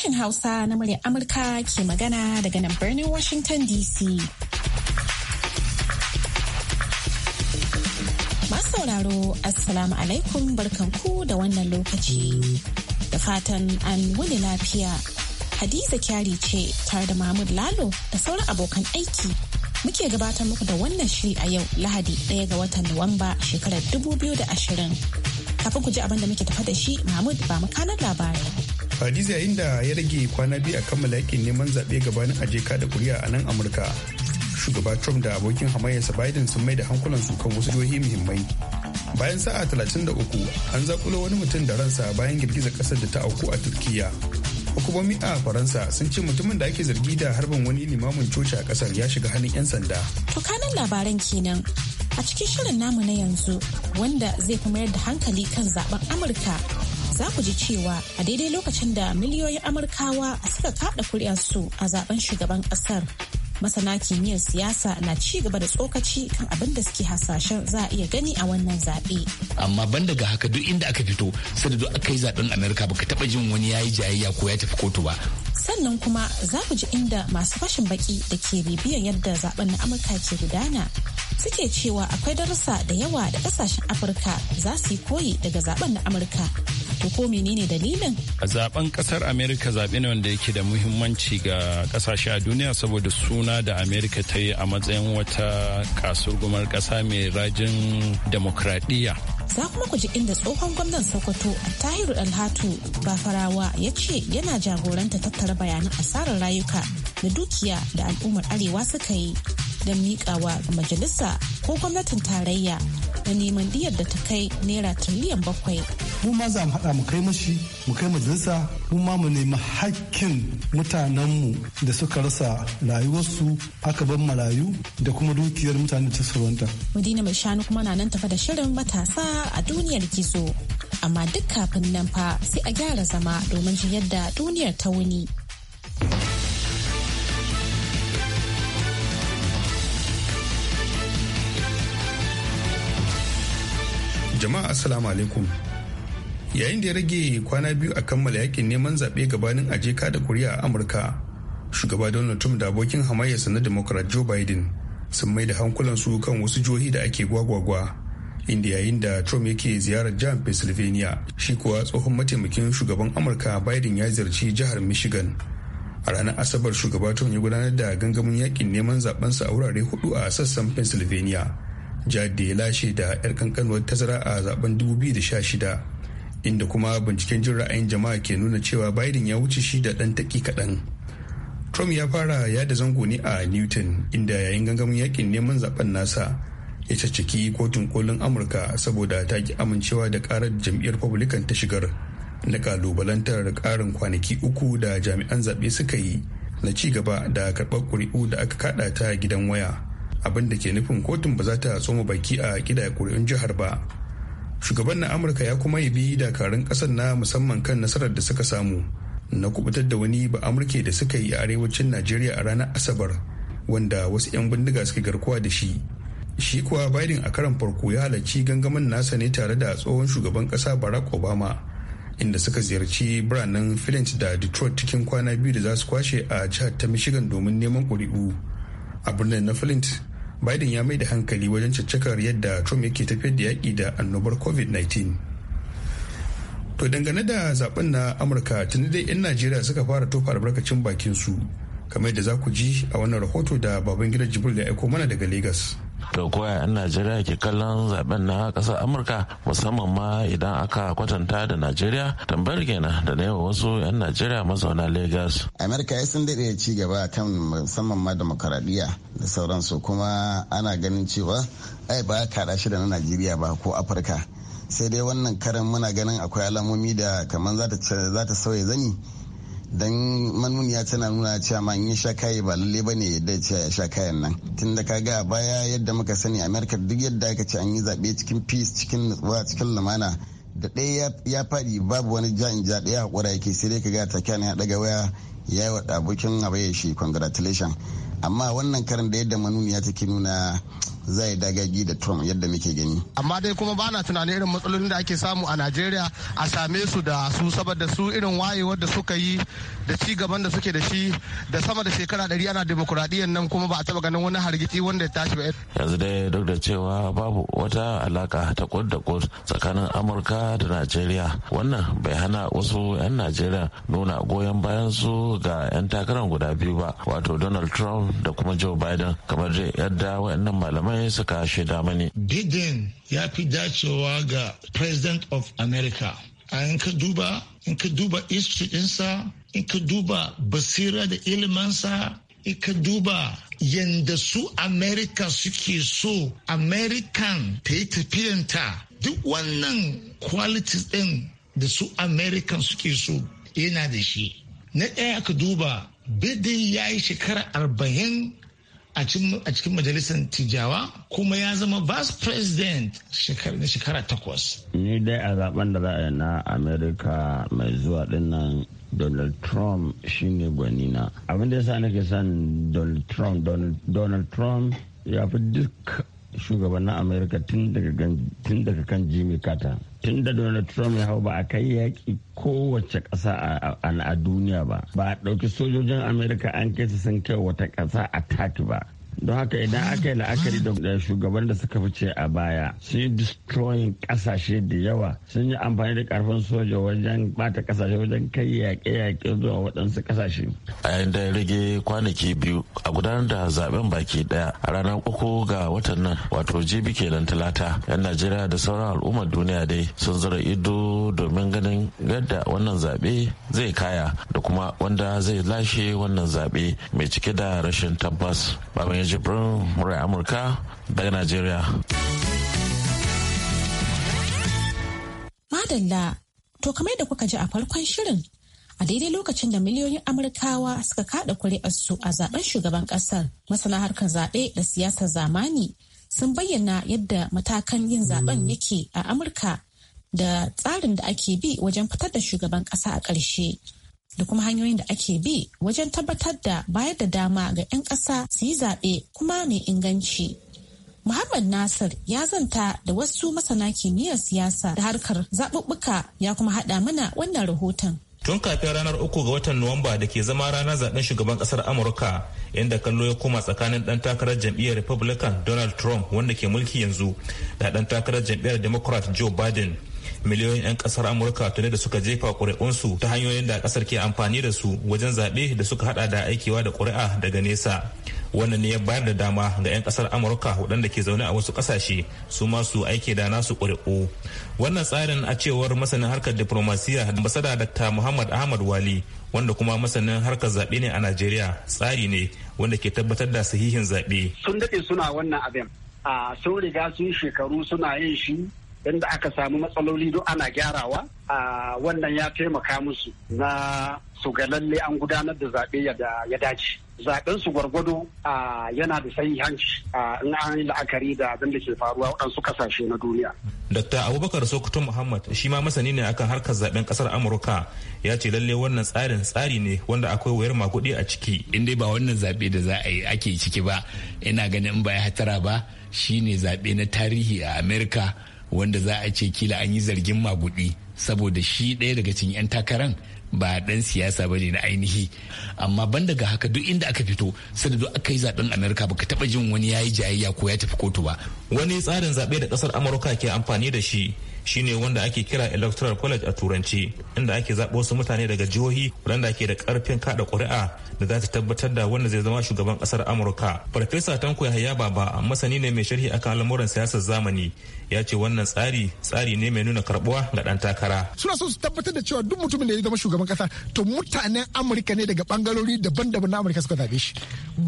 Sashen Hausa na murya Amurka ke magana daga nan birnin Washington DC. Masu sauraro, Assalamu alaikum barkanku da wannan lokaci. Da fatan an wuni lafiya. Hadiza kyari ce tare da Mahmud Lalo da sauran abokan aiki. Muke gabatar muku da wannan shiri a yau Lahadi ɗaya ga watan Nuwamba shekarar 2020. Kafin ku ji abin da muke tafa da shi, Mahmud ba makanan labarai. Hadiza yayin da ya rage kwana biyu a kammala yakin neman zaɓe gabanin aje da kuri'a a nan Amurka. Shugaba Trump da abokin hamayyarsa Biden sun mai da hankulansu kan wasu jihohi muhimmai. Bayan sa'a 33 an zakulo wani mutum da ransa bayan girgiza ƙasar da ta auku a Turkiyya. Hukumomi a Faransa sun ce mutumin da ake zargi da harbin wani limamin coci a ƙasar ya shiga hannun 'yan sanda. To kanan labaran kenan. A cikin shirin namu na yanzu wanda zai fi mayar da hankali kan zaben Amurka za ku ji cewa a daidai lokacin da miliyoyin Amurkawa suka kaɗa kuri'arsu a zaben shugaban ƙasar. Masana kimiyyar siyasa na ci gaba da tsokaci kan abin da suke hasashen za a iya gani a wannan zaɓe. Amma ban daga haka duk inda aka fito, sai da duk aka yi zaɓen amurka baka taɓa jin wani ya yi jayayya ko ya tafi kotu ba. sannan kuma za ku ji inda masu fashin baki da ke bibiyan yadda zaben na amurka ke gudana suke cewa akwai darussa da yawa da kasashen afirka za su yi koyi daga zaben na amurka to ko menene dalilin a zaben kasar america zaɓe ne wanda yake da muhimmanci ga ƙasashe a duniya saboda suna da america ta yi a matsayin wata kasurgumar ƙasa mai rajin demokradiyya za kuma ku ji inda tsohon gwamnan sokoto tahiru alhatu bafarawa ya ce yana jagoranta tattara bayanan asarar rayuka da dukiya da al'ummar arewa suka yi don miƙawa majalisa ko gwamnatin tarayya ta neman diyar da ta kai naira tiriliyan bakwai. mu ma za mu haɗa mu kai mashi mu kai majalisa mu ma mu nemi hakkin mutanenmu da suka rasa rayuwarsu aka bar marayu da kuma dukiyar mutane ta sauranta. Madina mai shanu kuma na nan tafa da shirin matasa a duniyar gizo. Amma duk kafin nan fa sai a gyara zama domin ji yadda duniyar ta wuni. jama'a assalamu alaikum yayin da ya rage kwana biyu a kammala yakin neman zaɓe gabanin aje da kuri'a a amurka shugaba donald trump da abokin hamayyarsa na democrat joe biden sun mai da hankulansu kan wasu jihohi da ake gwagwagwa inda yayin da trump yake ziyarar jihar pennsylvania shi kuwa tsohon mataimakin shugaban amurka biden ya ziyarci jihar michigan a ranar asabar shugaba trump ya gudanar da gangamin yakin neman zaɓensa a wurare hudu a sassan pennsylvania jihar da ya lashe da 'yar kankanuwar tazara a zaben 2016 inda kuma binciken jin ra'ayin jama'a ke nuna cewa biden ya wuce shi da ɗan taki kaɗan trump ya fara yada zango ne a newton inda yayin gangamin yakin neman zaben nasa ya caccaki kotun kolin amurka saboda ta ki amincewa da karar jam'iyyar republican ta shigar na kalubalantar karin kwanaki uku da jami'an zaɓe suka yi na ci gaba da karɓar ƙuri'u da aka kaɗa ta gidan waya abin da ke nufin kotun ba za ta tsoma baki a gida kuri'un jihar ba shugaban na amurka ya kuma yabi dakarun kasar na musamman kan nasarar da suka samu na kubutar da wani ba amurke da suka yi a arewacin najeriya a ranar asabar wanda wasu 'yan bindiga suka garkuwa da shi shi kuwa biden a karan farko ya halarci gangamin nasa ne tare da tsohon shugaban kasa barack obama inda suka ziyarci biranen Flint da Detroit cikin kwana biyu da za su kwashe a jihar ta Michigan domin neman ƙuri'u. A birnin na Flint, biden ya mai da hankali wajen caccakar yadda trump yake tafiyar da yaƙi da annobar covid-19 to dangane da zaɓen na amurka tuni dai 'yan najeriya suka fara tofa albarkacin bakin su kamar yadda za ku ji a wannan rahoto da baban gidan jibril ya aiko mana daga lagos da koya yan najeriya ke kallon zaben na kasar amurka musamman ma idan aka kwatanta da najeriya tambayar kenan da na yawa wasu yan najeriya mazauna lagos amurka ya sun daɗe ci gaba kan musamman ma demokaradiyya da sauransu kuma ana ganin cewa ai ba kada shi da na najeriya ba ko afirka sai dai wannan karan muna ganin akwai alamomi da kamar za ta sauya zani dan manuniya tana nuna cewa ma in sha kayi ba lalle ne yadda ce ya sha kayan nan tun da kaga baya yadda muka sani america duk yadda aka ce an yi zaɓe cikin peace cikin nutsuwa cikin lumana da ɗaya ya faɗi babu wani ja in ja ɗaya haƙura yake sai dai kaga ta ne ya ɗaga waya ya yi wa abokin abayar shi congratulation amma wannan karin da yadda manuniya take nuna zai dagagi da trump yadda muke gani amma dai kuma ba na tunanin irin matsalolin da ake samu a najeriya a same su da su saboda su irin wayewar da suka yi da ci gaban da suke da shi da sama da shekara ɗari ana demokuraɗiyyar nan kuma ba a taɓa ganin wani hargitsi wanda ya tashi ba yanzu dai duk da cewa babu wata alaka ta kod da kod tsakanin amurka da najeriya wannan bai hana wasu 'yan najeriya nuna goyon bayan su ga 'yan takarar guda biyu ba wato donald trump da kuma joe biden kamar dai yadda wa'annan malamai bidin ka shaida mani. Biden ya fi dacewa ga President of America. A in ka duba, in ka duba history ɗinsa, in ka duba basira da ilimansa, in ka duba yadda su America suke so, American ta yi tafiyanta. Duk wannan qualities ɗin da su American suke so yana da shi. Na ɗaya ka duba Biden ya yi shekara arba'in a cikin majalisar tijawa kuma ya zama vice president na shekara takwas. Ni dai a zaben da za a yi na Amerika mai zuwa dinnan Donald Trump shine gwanina. Abin da yasa nake son Donald Trump, Donald Trump ya fi duk shugabannin amerika tun daga kan jimmy carter tun da donald trump ya hau ba a kai yaƙi kowace ƙasa a duniya ba ba a ɗauki sojojin amerika an kai su sun kai wata ƙasa a taki ba don haka idan aka yi la'akari da shugaban da suka fice a baya sun yi destroying kasashe da yawa sun yi amfani da karfin soja wajen bata kasashe wajen kai yaƙe-yaƙe zuwa waɗansu kasashe a da rage kwanaki biyu a gudanar da zaben baki ɗaya a ranar uku ga watan nan wato jibi kenan talata yan najeriya da sauran al'ummar duniya dai sun zura ido domin ganin yadda wannan zaɓe zai kaya da kuma wanda zai lashe wannan zaɓe mai cike da rashin tabbas jibrin murai amurka daga najeriya madalla to kamar da kuka ji a farkon shirin a daidai lokacin da miliyoyin amurkawa suka kada kuri'arsu a zaben shugaban kasar masana harkar zaɓe da siyasar zamani sun bayyana yadda matakan yin zaben yake a amurka da tsarin da ake bi wajen fitar da shugaban ƙasa a ƙarshe da kuma hanyoyin da ake bi wajen tabbatar da bayar da dama ga 'yan ƙasa su yi zaɓe kuma mai inganci. Muhammad Nasir ya zanta da wasu masana kimiyyar siyasa da harkar zaɓuɓɓuka ya kuma haɗa mana wannan rahoton. tun kafin ranar uku ga watan nuwamba da ke zama ranar zaɓen shugaban ƙasar amurka inda kallo ya koma tsakanin ɗan takarar jam'iyyar republican donald trump wanda ke mulki yanzu da ɗan takarar jam'iyyar democrat joe biden miliyoyin 'yan kasar amurka tuni da suka jefa ƙuri'unsu ta hanyoyin da kasar ke amfani da su wajen zaɓe da suka hada da aikewa da ƙuri'a daga nesa wannan ne ya bayar da dama ga 'yan kasar amurka waɗanda ke zaune a wasu ƙasashe su masu aiki da nasu ƙuri'u wannan tsarin a cewar masanin harkar diplomasiya ambasada dr muhammad ahmad wali wanda kuma masanin harkar zaɓe ne a najeriya tsari ne wanda ke tabbatar da sahihin zaɓe sun daɗe suna wannan abin a ah, sun riga sun shekaru suna yin shi inda aka samu matsaloli duk ana gyarawa a wannan ya taimaka musu na su ga lalle an gudanar da zaɓe ya dace zaɓen su gwargwado yana da sahihanci in an yi la'akari da abin da ke faruwa waɗansu ƙasashe na duniya. Dr. Abubakar Sokoto Muhammad shi ma masani ne akan harkar zaɓen ƙasar Amurka ya ce lalle wannan tsarin tsari ne wanda akwai wayar kuɗi a ciki. In dai ba wannan zaɓe da za a yi ake ciki ba ina ganin ba ya hatara ba shine zaɓe na tarihi a Amurka. wanda za a ce kila an yi zargin magudi saboda shi ɗaya daga cikin 'yan takaran ba dan siyasa ba ne na ainihi amma ban daga haka duk inda aka fito sai da duk aka yi zaben Amerika baka taɓa jin wani ya yi jayayya ko ya tafi kotu ba wani tsarin zaɓe da ƙasar Amurka ke amfani da shi shine wanda ake kira electoral college a turanci inda ake zaɓo wasu mutane daga jihohi waɗanda ke da ƙarfin kaɗa ƙuri'a da za ta tabbatar da wanda zai zama shugaban ƙasar amurka farfesa tanko yahaya baba masani ne mai sharhi akan al'amuran siyasar zamani ya ce wannan tsari tsari ne mai nuna karbuwa ga dan takara suna so su tabbatar da cewa duk mutumin da ya zama shugaban kasa to mutanen amurka ne daga bangarori daban-daban na amurka suka zabe shi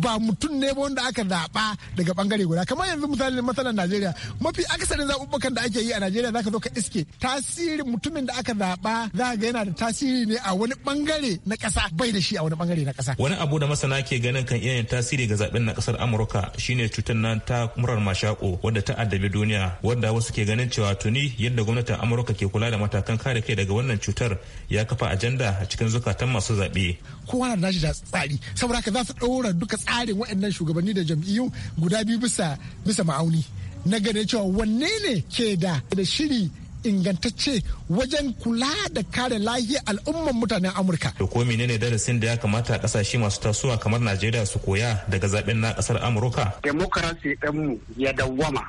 ba mutum ne ba wanda aka zaba daga bangare guda kamar yanzu misalin matsalar najeriya mafi akasarin zaɓuɓɓukan da ake yi a najeriya ka zo ka iske tasirin mutumin da aka zaba za ga yana da tasiri ne a wani bangare na kasa bai da shi a wani bangare na kasa wani abu da masana ke ganin kan iya yin tasiri ga zaben na kasar amurka shine cutar nan ta murar mashako wadda ta addabi duniya wadda wasu ke ganin cewa tuni yadda gwamnatin amurka ke kula da matakan kare kai daga wannan cutar ya kafa ajanda a cikin zukatan masu zaɓe. kowa na nashi da tsari saboda haka za su ɗora duka tsarin waɗannan shugabanni da jam'iyyu guda biyu bisa ma'auni na ganin cewa wanne ne ke da shiri ingantacce wajen kula da kare lahiya al'umman mutanen amurka to ko menene darasin da ya kamata kasashe masu tasowa kamar najeriya su koya daga zaben na kasar amurka demokarasi ɗanmu ya dawwama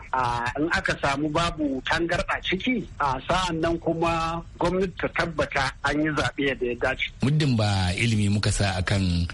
in aka samu babu tangarɗa ciki a sa'an nan kuma gwamnati ta tabbata an yi zaɓe da ya dace muddin ba ilimi muka sa akan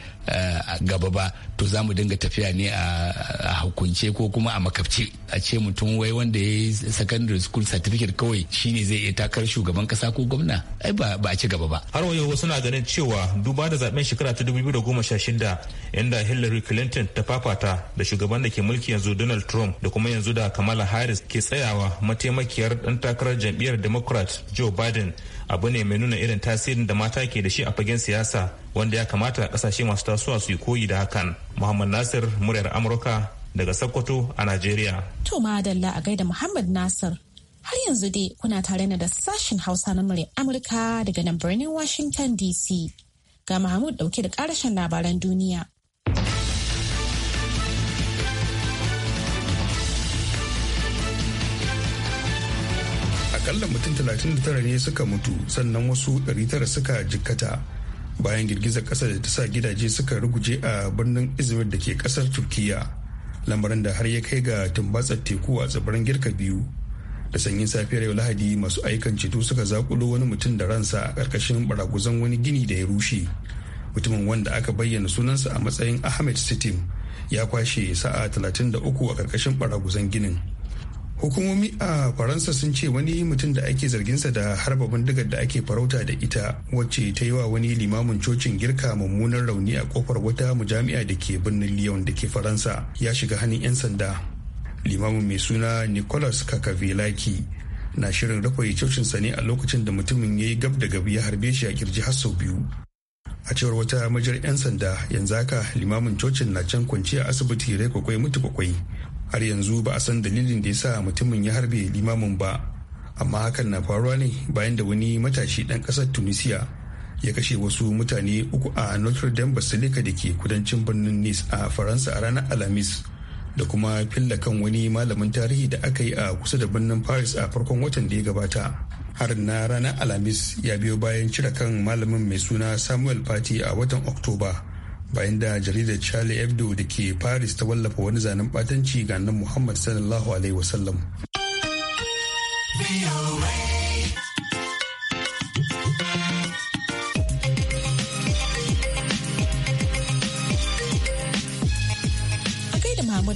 gaba ba to za mu dinga tafiya ne a hukunce ko kuma a makabci a ce mutum wai wanda ya yi secondary school certificate kawai shi shine zai iya takar shugaban kasa ko gwamna ai ba a ci gaba ba har wayo wasu na ganin cewa duba da zaben shekara ta 2016 inda Hillary Clinton ta fafata da shugaban da ke mulki yanzu Donald Trump da kuma yanzu da Kamala Harris ke tsayawa mataimakiyar dan takarar jam'iyyar Democrat Joe Biden abu ne mai nuna irin tasirin da mata ke da shi a fagen siyasa wanda ya kamata kasashe masu tasowa su yi koyi da hakan muhammad nasir muryar amurka daga sokoto a najeriya to madalla a gaida muhammad nasir Har yanzu dai kuna tare na da sashen Hausa na murya Amurka daga nan birnin Washington DC. Ga Mahmud dauke da karshen labaran duniya. Akalla mutum 39 ne suka mutu sannan wasu 900 suka jikkata bayan girgizar ƙasar da ta sa gidaje suka ruguje a birnin Izmir da ke ƙasar Turkiyya. Lamarin da har ya kai ga tumbatsar teku a tsibirin girka biyu. da sanyin safiyar yau lahadi masu aikan ceto suka zakulo wani mutum da ransa a karkashin baraguzan wani gini da ya rushe mutumin wanda aka bayyana sunansa a matsayin ahmed sitim ya kwashe sa'a 33 a karkashin baraguzan ginin hukumomi a faransa sun ce wani mutum da ake zarginsa da harba bindigar da ake farauta da ita wacce ta yi wa wani limamin cocin girka mummunan rauni a kofar wata mujami'a da ke birnin lyon da ke faransa ya shiga hannun 'yan sanda limamin mai suna nicholas kakavilaki na shirin rufe cocinsa ne a lokacin da mutumin ya yi gab da gab ya harbe shi a kirji har sau biyu a cewar wata majar 'yan sanda yanzu haka limamin cocin na can kwanci a asibiti rai kwakwai mutu kwakwai har yanzu ba a san dalilin da ya sa mutumin ya harbe limamin ba amma hakan na faruwa ne bayan da wani matashi dan ƙasar tunisia ya kashe wasu mutane uku a notre dame basilica da ke kudancin birnin nice a faransa a ranar alhamis da kuma filla kan wani malamin tarihi da aka yi a kusa da birnin paris a farkon watan da ya gabata har na ranar alhamis ya biyo bayan cire kan malamin mai suna samuel pati a watan oktoba bayan da jaridar charlie hebdo da ke paris ta wallafa wani zanen batanci ga nan muhammad sallallahu alaihi wasallam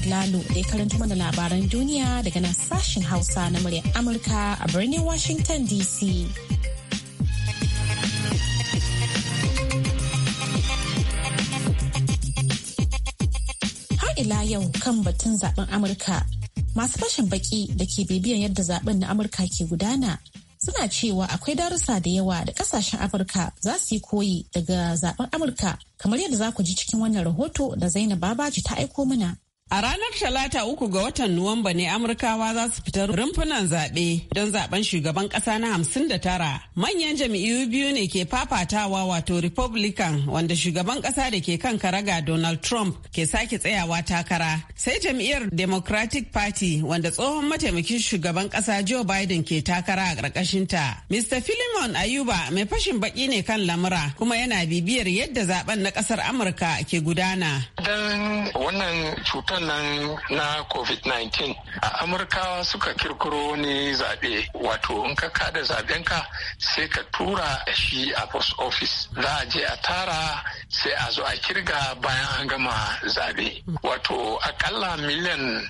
Mahmud Lalo da ya karanto mana labaran duniya daga nan sashen Hausa na muryar Amurka a birnin Washington DC. Har ila yau kan batun zaben Amurka masu fashin baki da ke bibiyan yadda zaben na Amurka ke gudana suna cewa akwai darussa da yawa da kasashen afirka za su yi koyi daga zaben amurka kamar yadda za ku ji cikin wannan rahoto da zainab babaji ta aiko mana A ranar Talata uku ga watan Nuwamba ne Amurkawa za su fitar rumfunan zaɓe don zaɓen shugaban ƙasa na hamsin da tara. Manyan jam'iyyu biyu ne ke fafatawa wato Republican wanda shugaban ƙasa da ke kan ga Donald Trump ke sake tsayawa takara. Sai jam'iyyar Democratic Party wanda tsohon mataimakin shugaban ƙasa Joe Biden ke takara a ƙarƙashinta. Mr. Philemon Ayuba mai fashin baƙi ne kan lamura kuma yana bibiyar yadda zaɓen na ƙasar Amurka ke gudana. wannan cutar nan na covid-19 a amurkawa suka kirkiro wani zaɓe wato in ka kada zaɓenka sai ka tura shi a post office za a je a tara sai a zo a kirga bayan an gama zaɓe wato akalla miliyan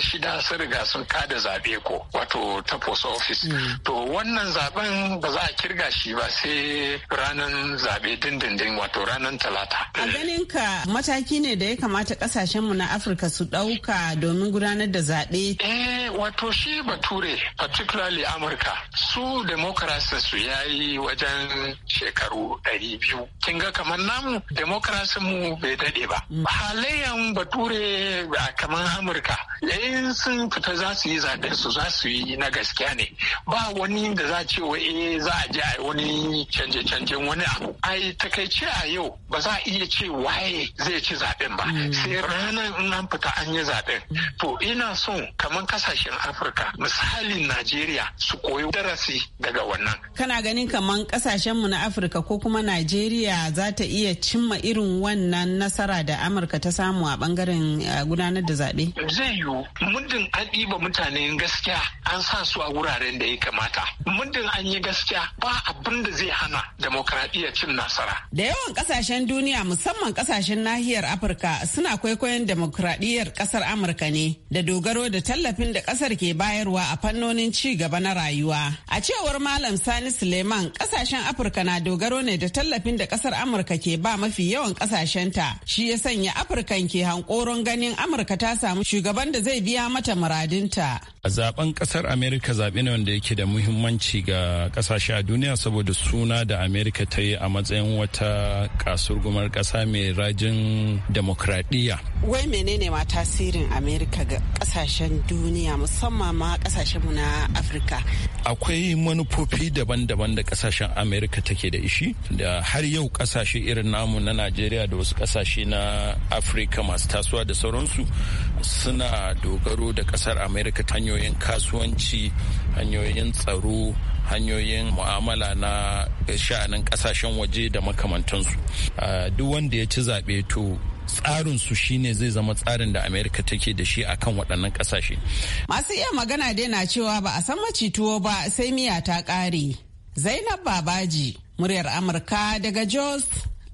shida sun riga sun kada zaɓe ko wato ta post office hmm. to wannan zaɓen ba za a kirga shi ba sai ranar zaɓe dindindin wato ranar talata a ganin ka mataki ne da ya kamata kasashen mu na afirka su ɗauka domin gudanar da zaɓe? eh wato shi bature particularly amurka su demokarasi su yayi wajen shekaru ɗari biyu kin ga kamar namu demokarasi mu bai daɗe ba mm. halayyan bature a kamar amurka yayin sun fita za su yi zaɓe su za su yi na gaskiya ne ba wani da za ce wa eh za a je a wani canje-canjen wani abu ai takaice a yau ba za a iya ce waye zai ci zaɓen ba mm. sai ranar in in fita an yi zaɓen. To ina son kamar kasashen Afirka misalin Najeriya su koyi darasi daga wannan. Kana ganin kamar kasashen mu na Afirka ko kuma Najeriya za ta iya cimma irin wannan nasara da Amurka ta samu a bangaren eh, gudanar da zaɓe? Zai yiwu muddin an ɗiba mutane gaskiya an sa su a wuraren da ya kamata. Muddin an yi gaskiya ba abin da zai hana demokradiyya cin nasara. Da yawan kasashen duniya musamman kasashen nahiyar Afirka suna kwaikwayon demokradiyya demokradiyyar kasar Amurka ne da dogaro da tallafin da kasar ke bayarwa a fannonin ci gaba na rayuwa. A cewar Malam Sani Suleiman kasashen Afirka na dogaro ne da tallafin da kasar Amurka ke ba mafi yawan ta Shi ya sanya Afirkan ke hankoron ganin Amurka ta samu shugaban da zai biya mata muradinta. A zaben kasar Amerika zaɓe ne wanda yake da muhimmanci ga ƙasashe a duniya saboda suna da Amerika ta yi a matsayin wata kasurgumar ƙasa mai rajin demokradiyya. Wai mene menene ma tasirin amerika ga kasashen duniya musamman ma kasashenmu na afirka akwai manufofi daban-daban da kasashen amerika take da ishi da har yau kasashe irin namu na najeriya da wasu kasashe na afirka masu tasowa da sauransu suna dogaro da kasar amerika ta hanyoyin kasuwanci hanyoyin tsaro hanyoyin mu'amala na sha'anin kasashen waje da makamantansu duk wanda ya ci zaɓe to tsarin su shine zai zama tsarin da amerika take da shi akan waɗannan ƙasashe. masu iya magana dai na cewa ba a san maci tuwo ba sai miya ta ƙare zainab babaji muryar amurka daga jos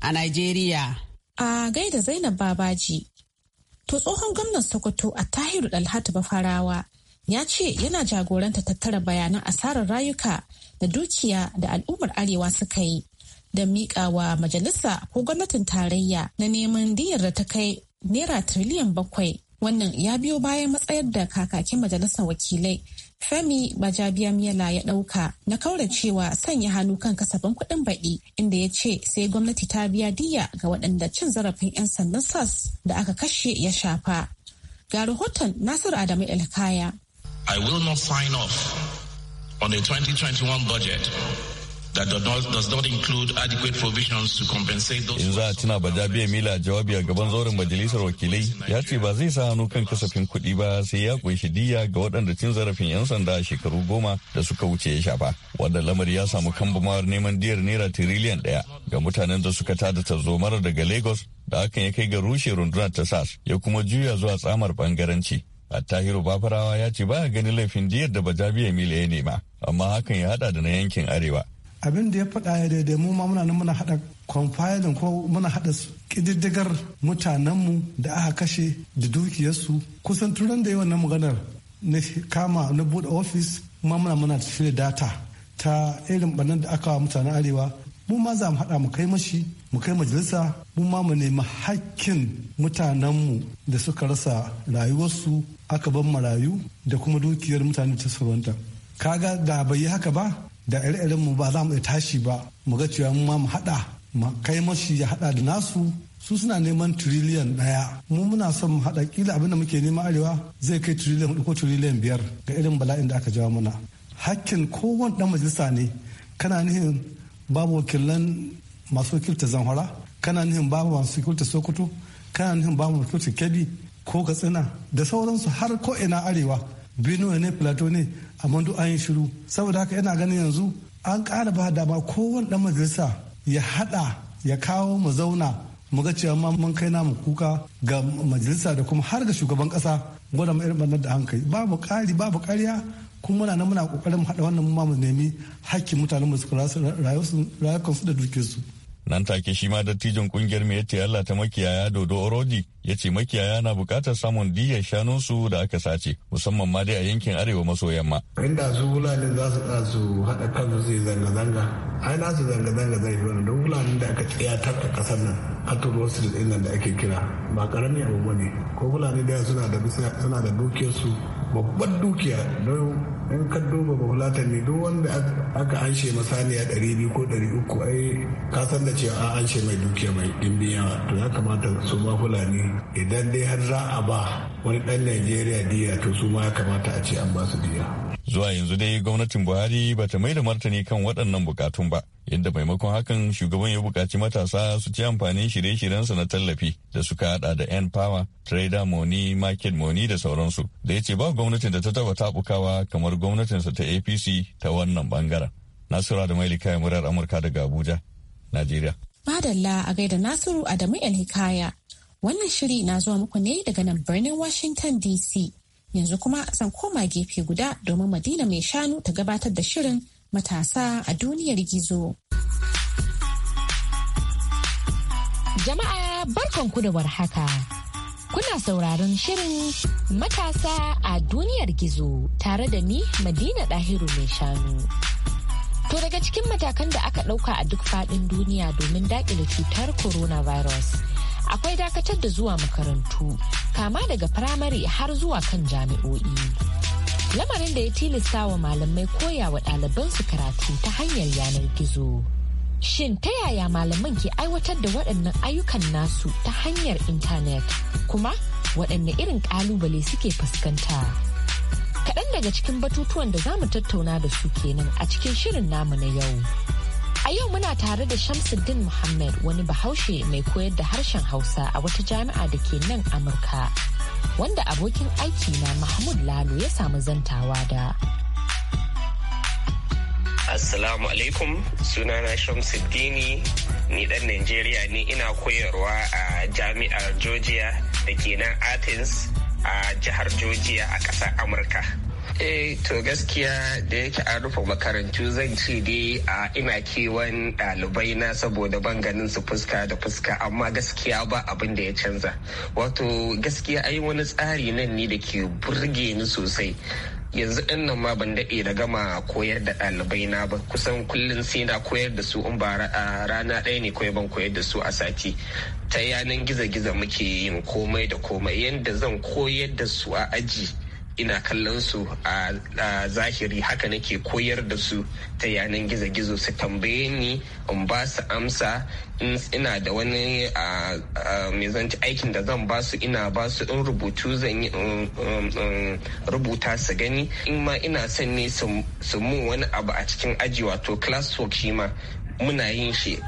a nigeria a gaida zainab babaji To tsohon gwamnan Sokoto a Tahiru Dalhatu Bafarawa ya ce yana jagoranta tattara bayanan asarar rayuka da dukiya da al'ummar Arewa suka yi da miƙawa majalisa ko gwamnatin tarayya na neman diyar da ta kai naira tiriliyan bakwai Wannan ya biyo bayan matsayar da kakakin majalisar wakilai Femi Bajabiya Miyala ya ɗauka na kauracewa sanya hannu kan kasafin kuɗin baɗi inda ya ce sai gwamnati ta biya diya ga waɗanda cin zarafin 'yan sandan SAS da aka kashe ya shafa. Ga rahoton Nasiru Adamu Ilkaya. I will not sign off on the 2021 budget to In za a tuna Bajabiya Mila jawabi a gaban zauren majalisar wakilai ya ce ba zai sa hannu kan kasafin kuɗi ba sai ya kunshi diya ga waɗanda cin zarafin 'yan sanda shekaru goma da suka wuce ya shafa. Wanda lamari ya samu kambamawar neman diyar naira tiriliyan ɗaya ga mutanen da suka tada tarzomar daga Lagos da hakan ya kai ga rushe rundunar ta SAS ya kuma juya zuwa tsamar bangaranci. tahiru babarawa ya ce ba ganin laifin diyar da Bajabiya Mila ya nema amma hakan ya hada da na yankin Arewa. abin da ya faɗa ya daidai mu ma muna nan muna haɗa compiling ko muna haɗa ƙididdigar mutanenmu da aka kashe da dukiyarsu kusan turan da yi wannan maganar na kama na buɗe ofis ma muna muna tafiya data ta irin ɓannan da aka wa mutanen arewa mu ma za mu haɗa mu kai mashi mu kai majalisa mu ma mu nemi hakkin mutanenmu da suka rasa rayuwarsu aka ban marayu da kuma dukiyar mutane ta ka kaga da bai yi haka ba da ire mu ba za mu tashi ba mu ga cewa mu ma mu haɗa kai mashi ya haɗa da nasu su suna neman tiriliyan ɗaya mu muna son mu haɗa kila abinda muke nema arewa zai kai tiriliyan hudu ko tiriliyan biyar ga irin bala'in da aka jawo mana hakkin kowane dan majalisa ne kana nihin babu wakilan masu wakilta zamfara kana nihin babu masu wakilta sokoto kana nihin babu wakilta kebbi ko katsina da sauransu har ko ina arewa benue ne plato ne amma duk an yi shiru saboda haka yana ganin yanzu an kara ba dama kowane ɗan majalisa ya haɗa ya kawo mu zauna mu ga cewa ma mun kai namu kuka ga majalisa da kuma har ga shugaban ƙasa gwada mu irin bannar da an kai babu ƙari babu ƙarya kuma muna nan muna ƙoƙarin haɗa wannan mu ma mu nemi hakkin mutanen mu su rayukansu da su. nan take shi ma dattijon kungiyar mai yace Allah ta makiyaya Dodo Orodi ya ce makiyaya na bukatar samun diyyar su da aka sace musamman ma dai a yankin arewa maso yamma. inda su fulani za su su haɗa kansu su zanga-zanga ai na su zanga-zanga zai wani don fulani da aka ta a ƙasar nan a aturo su da da ake kira ba ƙarami abu ba ne ko fulani da suna da suna da dukiyarsu babban dukiya don in ka duba bahulata ne duk wanda aka anshe masaniya biyu ko 300 ai ka san da cewa an anshe mai dukiya mai dimbi to ya kamata su ma fulani idan dai har za a ba wani dan najeriya diya to su ma ya kamata a ce an ba su diya zuwa yanzu dai gwamnatin buhari ba ta mai da martani kan waɗannan bukatun ba yadda maimakon hakan shugaban ya buƙaci matasa su ci amfanin shirye-shiryensa na tallafi da suka hada da n power trader money market money da sauransu da ya ce ba gwamnatin da ta taba tabukawa kamar gwamnatinsa ta apc ta wannan bangaren nasura da mailika murar amurka daga abuja najeriya Badalla a gaida Nasiru Adamu El Hikaya. Wannan shiri na zuwa muku ne daga nan birnin Washington DC. Yanzu kuma zan koma gefe guda domin Madina mai shanu ta gabatar da shirin matasa a duniyar gizo. Jama'a barkanku da warhaka. Kuna sauraron shirin matasa a duniyar gizo tare da ni Madina Dahiru mai shanu. To daga cikin matakan da aka ɗauka a duk faɗin duniya domin daƙile cutar coronavirus. Akwai dakatar da zuwa makarantu, kama daga firamare har zuwa kan jami'o'i. Lamarin da ya tilasta wa malamai koya wa ɗaliban su karatu ta hanyar yanar gizo. Shin ta yaya malaman ke aiwatar da waɗannan ayyukan nasu ta hanyar intanet? Kuma waɗanne irin ƙalubale suke fuskanta? Kaɗan daga cikin batutuwan da za mu tattauna da su kenan a cikin shirin namu na yau. A yau muna tare da Shamsuddin Muhammad wani bahaushe mai koyar da harshen Hausa a wata jami'a da ke nan Amurka. Wanda abokin aiki na Mahmud Lalo ya samu zantawa da. Assalamu alaikum sunana Shamsuddini ni dan Najeriya ne ina koyarwa a jami'ar Georgia da ke nan Athens a jihar Georgia a ƙasar Amurka. Eh to gaskiya da yake an rufe makarantu zan ce dai a ina kewan ɗalibai na saboda ban ganin su fuska da fuska amma gaskiya ba abin da ya canza. Wato gaskiya ai wani tsari nan ne da ke burge ni sosai. yanzu din nan ma ban daɗe da gama koyar da ɗalibai na ba kusan kullum sai na koyar da su in ba rana ɗaya ne kawai ban koyar da su a sati ta yanan gizo-gizo muke yin komai da komai yadda zan koyar da su a aji ina kallon su a zahiri haka nake koyar da su ta yanan gizo-gizo su tambaye ni in ba su amsa ina da wani zanci aikin da zan ba su ina ba su in rubutu zan yi rubuta su gani in ma ina son ne su mun wani abu a cikin aji wato classwork shi ma muna yin shi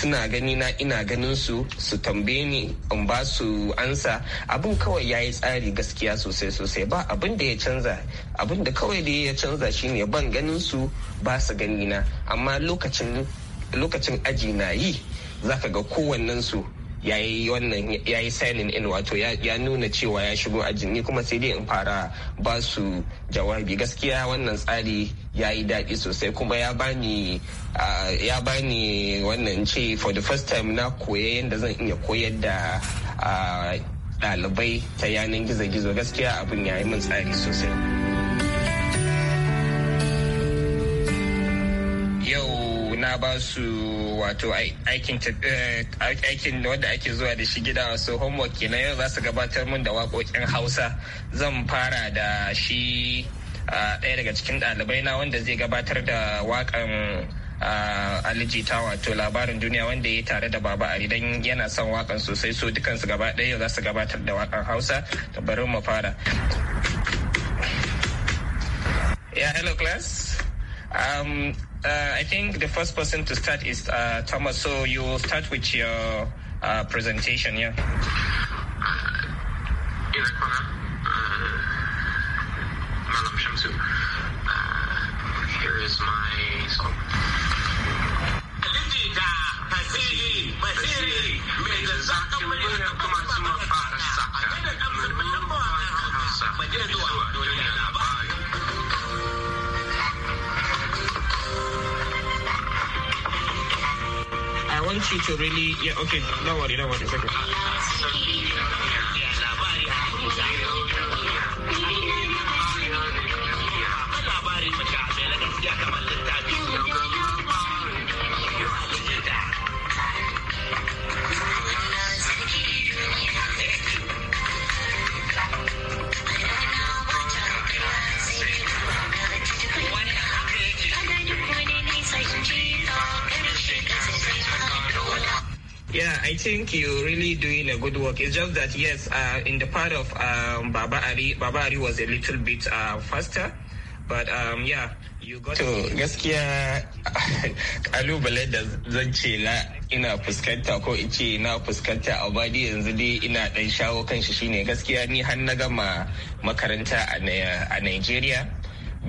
suna gani na ina ganin su su tambaye ni in ba su ansa abin kawai ya yi tsari gaskiya sosai sosai ba abin da ya canza abin da kawai da ya canza shine ban ganin su ba su gani na amma lokacin aji na yi zaka ga kowannen su ya yi wannan ya yi signing in wato ya nuna cewa ya shigo ajin ni kuma sai dai in fara ba su jawabi gaskiya wannan tsari ya yi daɗi sosai kuma ya bani ya bani wannan ce for the first time na koya yadda zan iya koyar da ɗalibai ta yanar gizo-gizo gaskiya abin ya yi min tsari sosai yau na ba su wato eh, aikin wanda ake zuwa da shi gida wasu homework kenan yau za su gabatar min da waƙoƙin hausa zan fara da shi ɗaya daga cikin ɗalibai na wanda zai gabatar da waƙan alijita wato labarin duniya wanda ya tare da baba ari dan yana son wakan sosai so dukansu gaba ɗaya za su gabatar da wakan hausa da bari mu fara yeah hello class um, uh, i think the first person to start is uh, thomas so you start with your uh, presentation yeah I want you to really, yeah, okay, no worry, no worry, it's okay. think you're really doing a good work. It's just that, yes, uh, in the part of um, Baba Ali, Baba Ali was a little bit uh, faster. But um, yeah, you got to gaskiya kalubale da zan ce na ina fuskanta ko in ce na fuskanta a badi yanzu dai ina dan shawo kan shi shine gaskiya ni har na gama makaranta a Nigeria.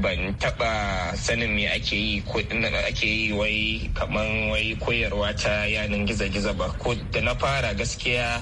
ban taba sanin me ake yi ko ake yi wai kaman wai koyarwa ta yanin gizo-gizo ba ko da na fara gaskiya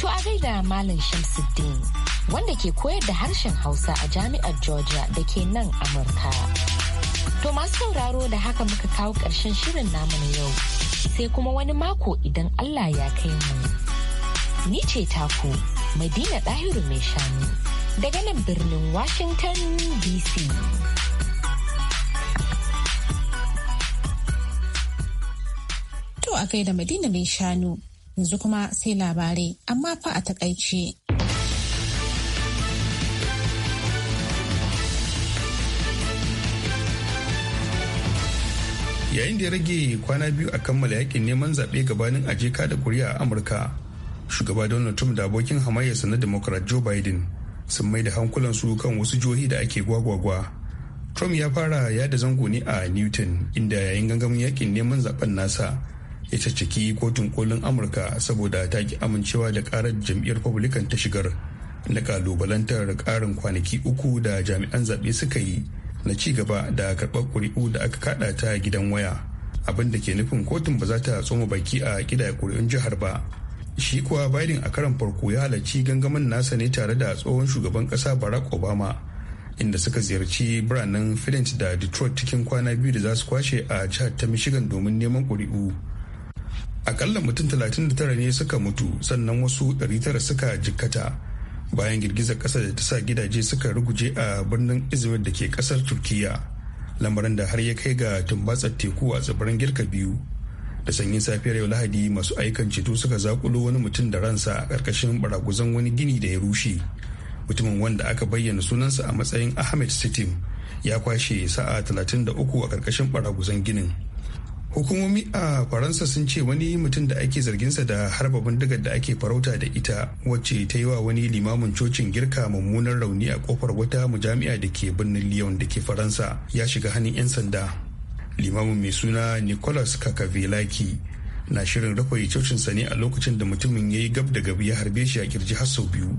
To a gaida Malam Shamsuddin wanda ke koyar da harshen Hausa a Jami'ar Georgia da ke nan Amurka. To masu sauraro da haka muka kawo ƙarshen shirin namu na yau sai kuma wani mako idan Allah ya kai mu. Ni ce taku Madina Ɗahiru mai shanu daga nan birnin Washington DC. To a gaida Madina mai shanu. yanzu kuma sai labarai amma fa a takaice. yayin da ya rage kwana biyu a kammala yakin neman zaɓe gabanin aje da kuri'a a amurka shugaba donald trump da abokin hamayyarsa na democrat joe biden sun mai da hankulansu kan wasu jihohi da ake gwagwagwa trump ya fara yada zango ne a newton inda yayin gangamin yakin neman zaben nasa ita ciki kotun kolin amurka saboda ta ki amincewa da karar jam'iyyar republican ta shigar na kalubalantar karin kwanaki uku da jami'an zaɓe suka yi na ci gaba da karɓar ƙuri'u da aka kaɗa ta gidan waya abin da ke nufin kotun ba za ta tsoma baki a gida ƙuri'un jihar ba shi kuwa biden a karan farko ya halarci gangamin nasa ne tare da tsohon shugaban ƙasa barack obama inda suka ziyarci biranen flint da detroit cikin kwana biyu da za su kwashe a jihar ta michigan domin neman ƙuri'u akalla mutum 39 ne suka mutu sannan wasu 900 suka jikkata bayan girgizar ƙasa da ta sa gidaje suka ruguje a birnin izmir da ke ƙasar turkiya lamarin da har ya kai ga tumbatsar teku a tsibirin girka biyu da sanyin safiyar yau lahadi masu aikan ceto suka zakulo wani mutum da ransa a ƙarƙashin baraguzan wani gini da ya rushe mutumin wanda aka bayyana sunansa a matsayin ahmed sitim ya kwashe sa'a 33 a ƙarƙashin baraguzan ginin hukumomi a faransa sun ce wani mutum da ake zarginsa da harba bindigar da ake farauta da ita wacce ta yi wa wani limamin cocin girka mummunan rauni a kofar wata mujami'a da ke birnin lyon da ke faransa ya shiga hannun 'yan sanda limamin mai suna nicolas kakavelaki na shirin rafayi cocinsa ne a lokacin da mutumin ya yi gab da gab ya harbe shi a kirji har sau biyu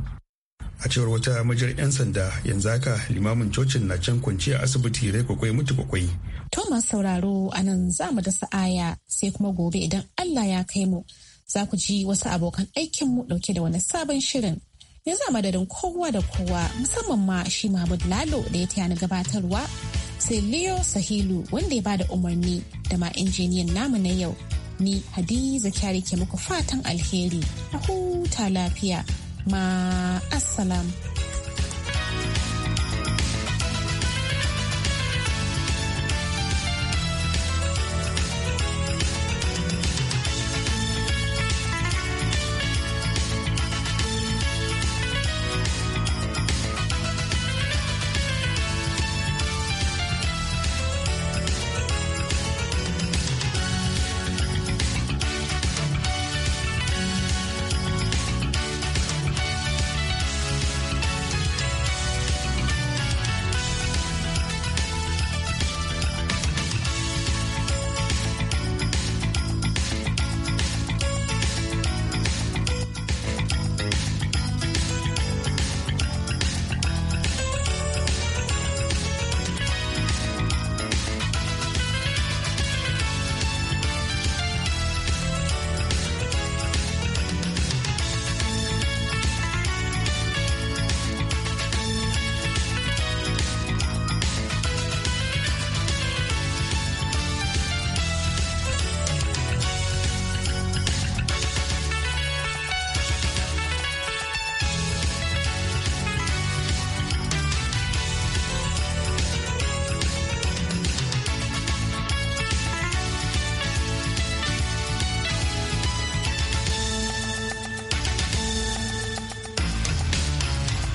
a cewar wata majar 'yan sanda yanzu haka limamin cocin na can kwanci a asibiti rai kwakwai mutu kwakwai. Thomas sauraro a nan za mu dasa aya sai kuma gobe idan Allah ya kai mu za ku ji wasu abokan aikinmu dauke da wani sabon shirin. Ya za madadin kowa da kowa musamman ma shi Mahmud Lalo da ya taya ni gabatarwa sai Leo Sahilu wanda ya bada umarni da ma injiniyan namu na yau. Ni Hadiza Kyari ke muku fatan alheri a huta lafiya. ma'assalam.